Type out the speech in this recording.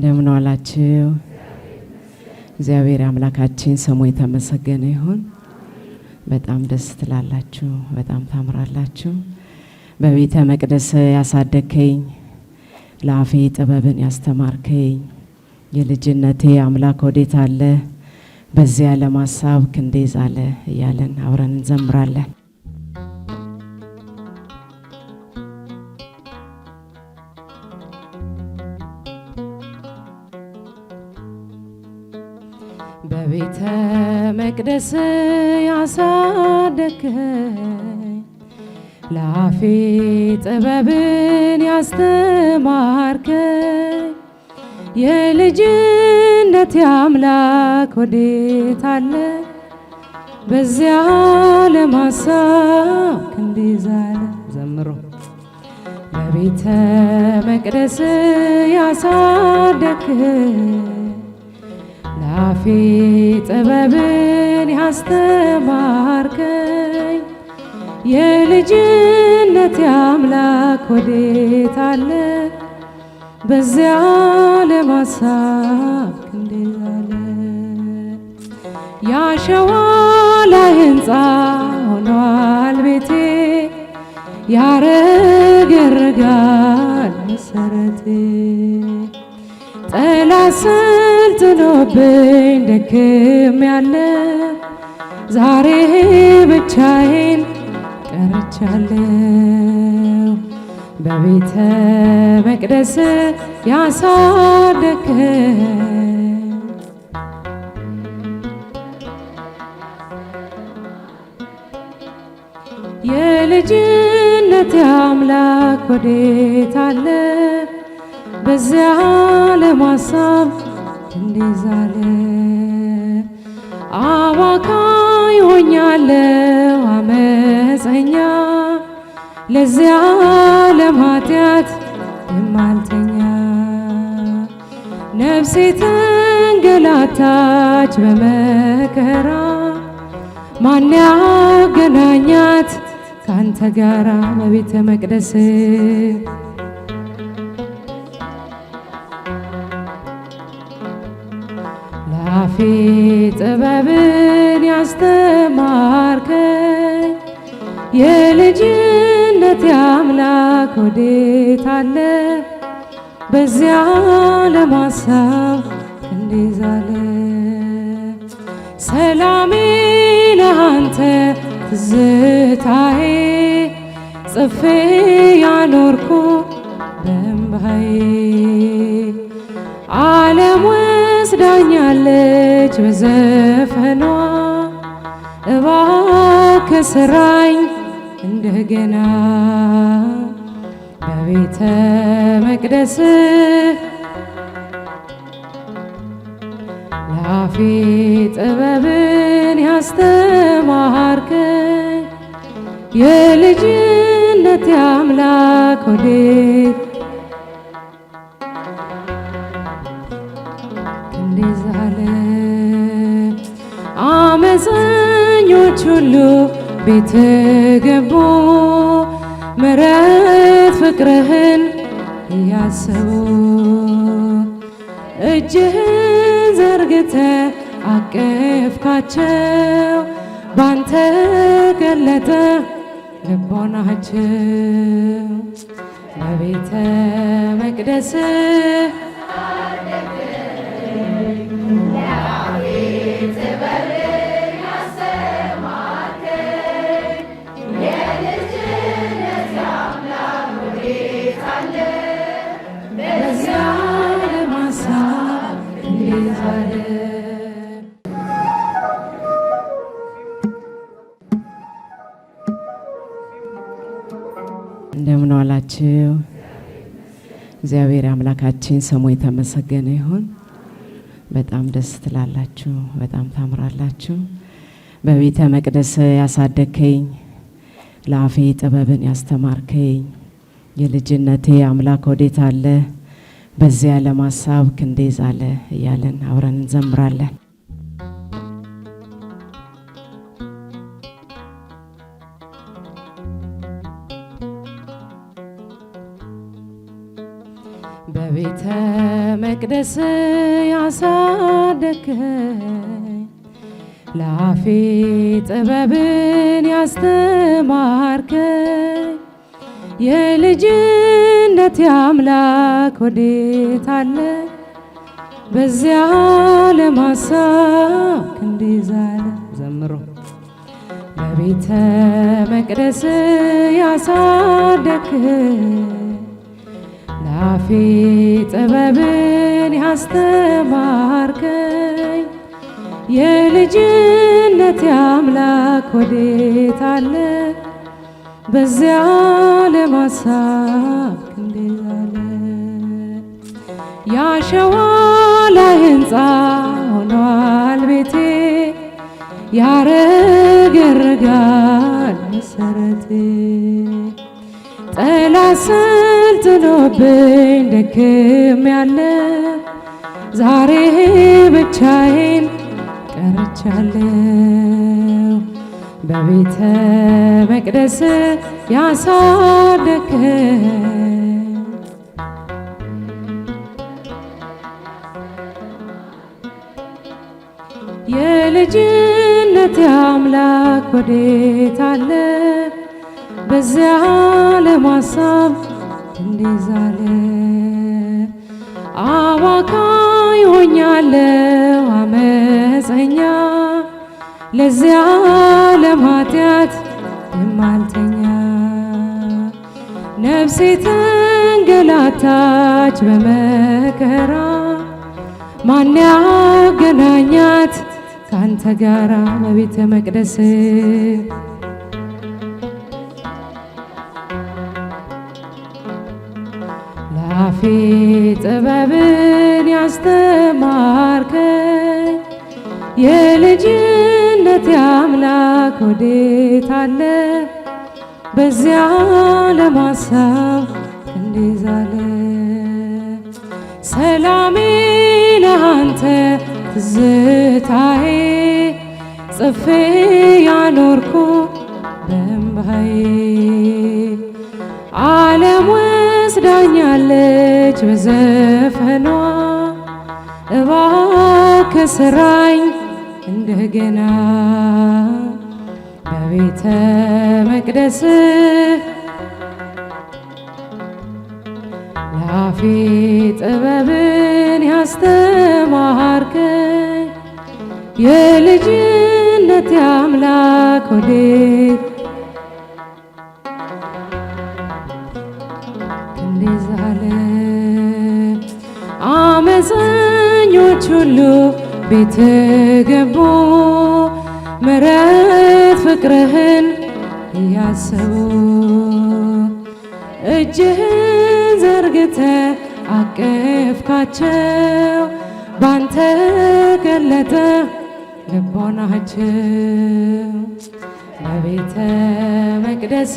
እንደምን ዋላችሁ? እግዚአብሔር አምላካችን ስሙ የተመሰገነ ይሁን። በጣም ደስ ትላላችሁ፣ በጣም ታምራላችሁ። በቤተ መቅደስ ያሳደከኝ ለአፌ ጥበብን ያስተማርከኝ የልጅነቴ አምላክ ወዴት አለ፣ በዚያ ዓለም ሀሳብ ክንዴዝ እያለን አብረን እንዘምራለን። በቤተ መቅደስ ያሳደግከኝ ለአፌ ጥበብን ያስተማርከኝ የልጅነት አምላክ ወዴት አለ በዚያ ለማሳብ ክንዴ ዘምሮ በቤተ መቅደስ ያሳደግከኝ አፌ ጥበብን ያስተማርከኝ የልጅነት አምላክ ወዴት አለ በዚያ ለማሳብ ክንድዛለ ያሸዋ ላይ ሕንፃ ሆኗል ቤቴ ያረገረጋል መሰረቴ ጠላስ ተፈትኖብኝ ደክም ያለ ዛሬ ብቻዬን ቀርቻለሁ። በቤተ መቅደስ ያሳደከ የልጅነት አምላክ ወዴት አለ? በዚያ ለማሳብ እንዲዛለ አባካኝ ሆኛለሁ አመፀኛ ለዚያ ለማትያት የማልተኛ ነፍሴ ተንገላታች በመከራ ማን ያገናኛት ካንተ ጋራ በቤተ መቅደስ ጥበብን ያስተማርከኝ የልጅነት አምላክ ወዴት አለ በዚያ ለማሳብ እንዲዛለ ሰላሜ ለአንተ ትዝታዬ ጽፌ ያኖርኩ በእምባዬ ዓለም ወስዳኛለ ሆነች በዘፈኗ እባክህ ስራኝ እንደገና በቤተ መቅደስ ለአፌ ጥበብን ያስተማርከ የልጅነት አምላክ ወዴት እንዴ አመፀኞች ሁሉ ቤት ገቡ ምረት ፍቅርህን እያሰቡ እጅህን ዘርግተ አቀፍካቸው ባንተ ገለጠ ልቦናቸው በቤተ መቅደስህ እንደምን ዋላችሁ? እግዚአብሔር አምላካችን ስሙ የተመሰገነ ይሁን። በጣም ደስ ትላላችሁ፣ በጣም ታምራላችሁ። በቤተ መቅደስ ያሳደከኝ ለአፌ ጥበብን ያስተማርከኝ፣ የልጅነቴ አምላክ ወዴት አለ፣ በዚያ ዓለም ሀሳብ ክንዴዝ እያለን አብረን እንዘምራለን። በቤተ መቅደስ ያሳደከኝ ለአፌ ጥበብን ያስተማርከኝ የልጅነት አምላክ ወዴት አለ በዚያ ለማሳክ እንዲዛለ ዘምሮ በቤተ መቅደስ ያሳደከኝ ለአፌ ጥበብን ያስተማርከኝ የልጅነት አምላክ ወዴት አለ? በዚያ ለማሳብ ክንዴዛለ ያሸዋ ላይ ሕንፃ ሆኗል ቤቴ ያረገረጋል መሰረቴ ኃይል አሰልጥኖብኝ ደክም ያለ ዛሬ ብቻዬን ቀርቻለሁ። በቤተ መቅደስ ያሳደከ የልጅነት አምላክ ወዴት አለ? በዚያ ለማሳብ እንዲዛለ አባካኝ ሆኛለሁ አመፀኛ ለዚያ ዓለም ኃጢአት የማልተኛ ነፍሴ ተንገላታች በመከራ ማን ያገናኛት ካንተ ጋራ በቤተ መቅደስ አፌ ጥበብን ያስተማርከኝ የልጅነት አምላክ ወዴት አለ በዚያ ለማሳብ እንዲዛለ ሰላሜ ለአንተ ትዝታዬ ጽፌ ያኖርኩ በእምባዬ ዓለም ትወስዳኛለች በዘፈኗ እባክህ ስራኝ እንደገና በቤተ መቅደስ ለአፌ ጥበብን ያስተማርከኝ የልጅነት አምላክ ወዴት ሊዛለ አመፀኞች ሁሉ ቤት ገቡ ምረት ፍቅርህን እያሰቡ እጅህን ዘርግተ አቀፍካቸው ባንተ ገለጠ ልቦናቸው በቤተ መቅደስ